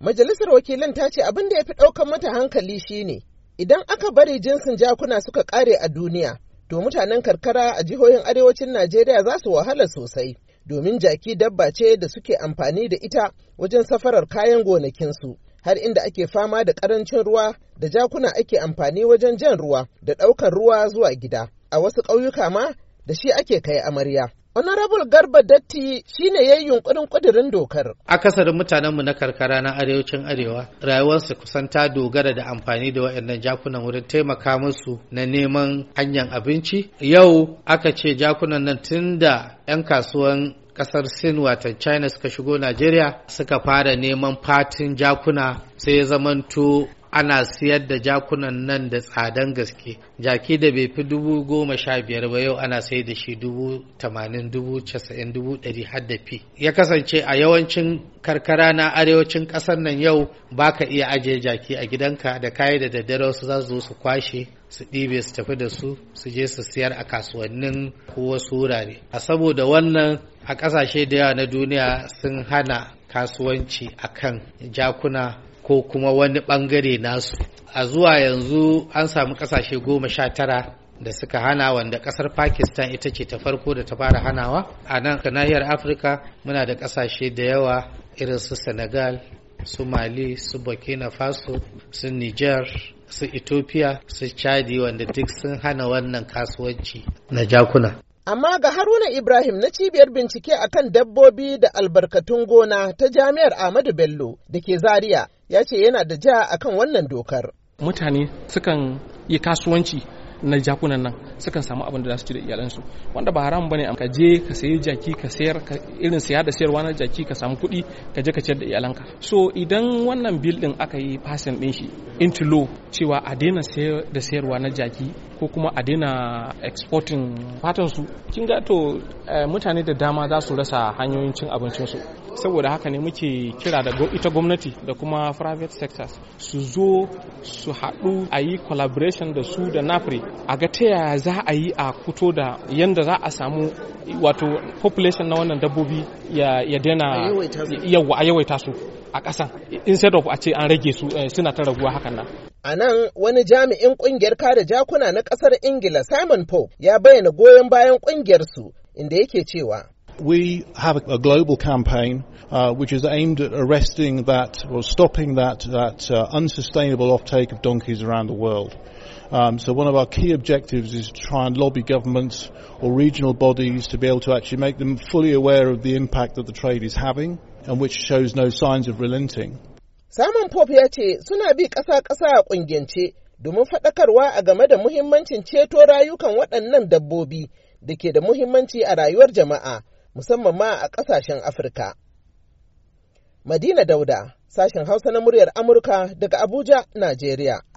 Majalisar wakilan ta ce abin da ya fi ɗaukan mata hankali shine idan aka bari jinsin jakuna suka ƙare a duniya, to mutanen karkara a jihohin arewacin Najeriya za su wahala sosai, domin jaki dabba ce da suke amfani da ita wajen safarar kayan gonakinsu. Har inda ake fama da ƙarancin ruwa da jakuna ake amfani wajen jan ruwa da ɗaukar ruwa zuwa gida, a wasu ƙauyuka ma da shi ake kai amarya. Honorable Garba Datti shine ya yi yunkurin kudirin dokar. Akasarin mutanenmu na karkara na arewacin arewa rayuwarsu kusan ta dogara da amfani da waɗannan jakunan wurin taimaka musu na neman hanyar abinci. Yau aka ce jakunan nan tun da 'yan kasuwan ƙasar sin watan china suka shigo najeriya suka fara neman fatin jakuna sai ya zamanto ana siyar da jakunan nan da tsadan gaske jaki da bai fi dubu goma sha biyar ba yau ana sayar da shi dubu tamanin dubu casa'in dubu ɗari har da fi ya kasance a yawancin karkara na arewacin ƙasar nan yau baka iya ajiye jaki a gidanka da kayi da daddare wasu za su zo su kwashe su ɗibe su tafi da su su je su siyar a kasuwannin ko wasu wurare a saboda wannan a ƙasashe da yawa na duniya sun hana kasuwanci akan jakuna ko kuma wani bangare nasu a zuwa yanzu an samu kasashe goma sha tara da suka hana wanda kasar pakistan ita ce ta farko da ta fara hanawa a nan nahiyar afirka muna da kasashe da yawa irin su senegal su mali su burkina faso su niger su ethiopia su chadi wanda duk sun hana wannan kasuwanci na jakuna amma ga haruna ibrahim na cibiyar bincike akan dabbobi da albarkatun gona ta jami'ar ahmadu bello da ke zaria ya ce yana da ja kan wannan dokar. Mutane sukan yi kasuwanci na jakunan nan sukan samu abin da za su ci da iyalansu wanda ba haram bane ka je ka sayi jaki ka sayar ka irin saya da sayarwa na jaki ka samu kuɗi ka je ka ciyar da iyalanka so idan wannan bill din aka yi fasin din shi into law cewa a daina sayar da sayarwa na jaki ko kuma a daina exporting fatan su kin ga to eh, mutane da dama za su rasa hanyoyin cin abincin su saboda haka ne muke kira da ita gwamnati da kuma private sectors su zo su haɗu a yi collaboration da su da nafri a ga ta yaya za a yi a fito da yadda za a samu wato population na wannan dabbobi ya dena yawa a yawaita su a ƙasan instead of a ce an rage su eh, suna ta raguwa hakan nan A nan wani jami'in kungiyar kada jakuna na ƙasar Ingila Simon Pope ya bayyana goyon bayan kungiyarsu inda yake cewa We have a global campaign uh, which is aimed at arresting that or stopping that that uh, unsustainable offtake of donkeys around the world. Um, so one of our key objectives is to try and lobby governments or regional bodies to be able to actually make them fully aware of the impact that the trade is having and which shows no signs of relenting. Samun Pope ya ce suna bi ƙasa-ƙasa a ƙungiyance domin faɗakarwa a game da muhimmancin ceto rayukan waɗannan dabbobi da ke da muhimmanci a rayuwar jama'a. musamman ma a ƙasashen Afirka. Madina Dauda, sashen Hausa na muryar Amurka daga Abuja, Najeriya.